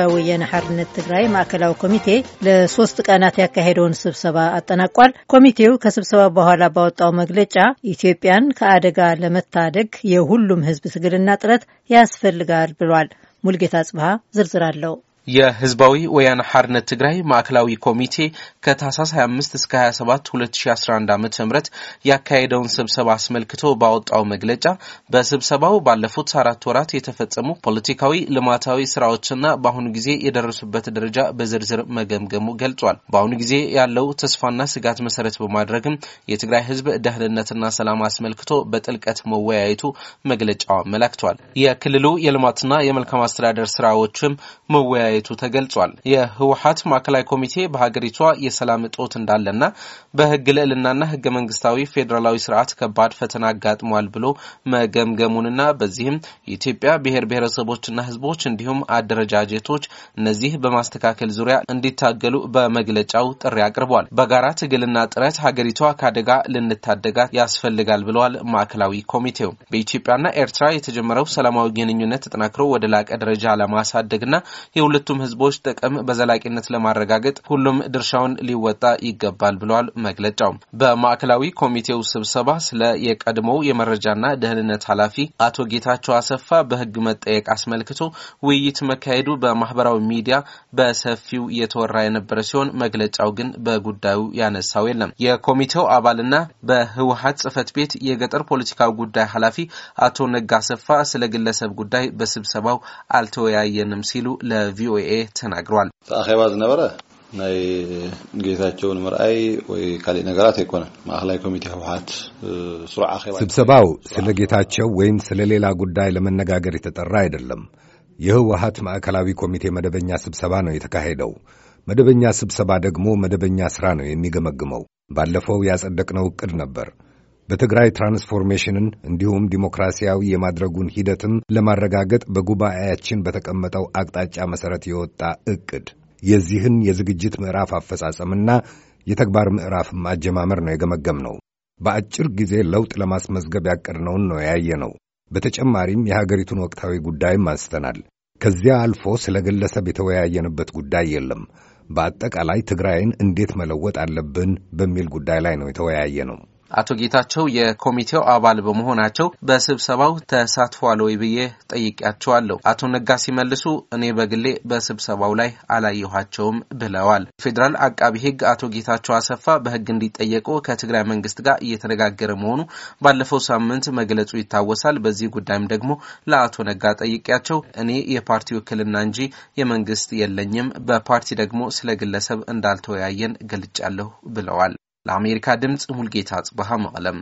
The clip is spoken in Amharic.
ህዝባዊ ወያነ ሓርነት ትግራይ ማዕከላዊ ኮሚቴ ለሶስት ቀናት ያካሄደውን ስብሰባ አጠናቋል። ኮሚቴው ከስብሰባ በኋላ ባወጣው መግለጫ ኢትዮጵያን ከአደጋ ለመታደግ የሁሉም ህዝብ ትግልና ጥረት ያስፈልጋል ብሏል። ሙልጌታ ጽብሃ ዝርዝር አለው። የህዝባዊ ወያነ ሐርነት ትግራይ ማዕከላዊ ኮሚቴ ከታህሳስ 25 እስከ 27 2011 ዓ ም ያካሄደውን ስብሰባ አስመልክቶ ባወጣው መግለጫ በስብሰባው ባለፉት አራት ወራት የተፈጸሙ ፖለቲካዊ፣ ልማታዊ ስራዎችና በአሁኑ ጊዜ የደረሱበት ደረጃ በዝርዝር መገምገሙ ገልጿል። በአሁኑ ጊዜ ያለው ተስፋና ስጋት መሰረት በማድረግም የትግራይ ህዝብ ደህንነትና ሰላም አስመልክቶ በጥልቀት መወያየቱ መግለጫው አመላክቷል። የክልሉ የልማትና የመልካም አስተዳደር ስራዎችም መወያየ መታየቱ ተገልጿል። የህወሀት ማዕከላዊ ኮሚቴ በሀገሪቷ የሰላም እጦት እንዳለና በህግ ልዕልናና ህገ መንግስታዊ ፌዴራላዊ ስርዓት ከባድ ፈተና አጋጥሟል ብሎ መገምገሙንና በዚህም የኢትዮጵያ ብሔር ብሔረሰቦችና ህዝቦች እንዲሁም አደረጃጀቶች እነዚህ በማስተካከል ዙሪያ እንዲታገሉ በመግለጫው ጥሪ አቅርቧል። በጋራ ትግልና ጥረት ሀገሪቷ ከአደጋ ልንታደጋት ያስፈልጋል ብለዋል። ማዕከላዊ ኮሚቴው በኢትዮጵያና ኤርትራ የተጀመረው ሰላማዊ ግንኙነት ተጠናክሮ ወደ ላቀ ደረጃ ለማሳደግና የሁለ የሁለቱም ህዝቦች ጥቅም በዘላቂነት ለማረጋገጥ ሁሉም ድርሻውን ሊወጣ ይገባል ብለዋል መግለጫው። በማዕከላዊ ኮሚቴው ስብሰባ ስለ የቀድሞው የመረጃና ደህንነት ኃላፊ አቶ ጌታቸው አሰፋ በህግ መጠየቅ አስመልክቶ ውይይት መካሄዱ በማህበራዊ ሚዲያ በሰፊው እየተወራ የነበረ ሲሆን መግለጫው ግን በጉዳዩ ያነሳው የለም። የኮሚቴው አባልና በህወሀት ጽህፈት ቤት የገጠር ፖለቲካዊ ጉዳይ ኃላፊ አቶ ነጋ አሰፋ ስለ ግለሰብ ጉዳይ በስብሰባው አልተወያየንም ሲሉ ለቪ ለቪኦኤ ተናግሯል። ኣኼባ ዝነበረ ናይ ጌታቸውን ምርኣይ ወይ ካሊእ ነገራት ኣይኮነን ማእኸላይ ኮሚቴ ህወሓት ስሩዕ ኣኼባ ስብሰባው ስለ ጌታቸው ወይም ስለ ሌላ ጉዳይ ለመነጋገር የተጠራ አይደለም። የህወሓት ማዕከላዊ ኮሚቴ መደበኛ ስብሰባ ነው የተካሄደው። መደበኛ ስብሰባ ደግሞ መደበኛ ሥራ ነው የሚገመግመው። ባለፈው ያጸደቅነው ዕቅድ ነበር። በትግራይ ትራንስፎርሜሽንን እንዲሁም ዲሞክራሲያዊ የማድረጉን ሂደትም ለማረጋገጥ በጉባኤያችን በተቀመጠው አቅጣጫ መሠረት የወጣ እቅድ የዚህን የዝግጅት ምዕራፍ አፈጻጸምና የተግባር ምዕራፍም አጀማመር ነው የገመገም ነው። በአጭር ጊዜ ለውጥ ለማስመዝገብ ያቀድነውን ነው ያየ ነው። በተጨማሪም የሀገሪቱን ወቅታዊ ጉዳይም አንስተናል። ከዚያ አልፎ ስለ ግለሰብ የተወያየንበት ጉዳይ የለም። በአጠቃላይ ትግራይን እንዴት መለወጥ አለብን በሚል ጉዳይ ላይ ነው የተወያየ ነው። አቶ ጌታቸው የኮሚቴው አባል በመሆናቸው በስብሰባው ተሳትፏል ወይ ብዬ ጠይቄያቸዋለሁ። አቶ ነጋ ሲመልሱ እኔ በግሌ በስብሰባው ላይ አላየኋቸውም ብለዋል። ፌዴራል አቃቢ ሕግ አቶ ጌታቸው አሰፋ በሕግ እንዲጠየቁ ከትግራይ መንግስት ጋር እየተነጋገረ መሆኑ ባለፈው ሳምንት መግለጹ ይታወሳል። በዚህ ጉዳይም ደግሞ ለአቶ ነጋ ጠይቄያቸው እኔ የፓርቲ ውክልና እንጂ የመንግስት የለኝም፣ በፓርቲ ደግሞ ስለ ግለሰብ እንዳልተወያየን ገልጫለሁ ብለዋል። ለአሜሪካ ድምፅ ሙልጌታ ጽብሃ መቐለም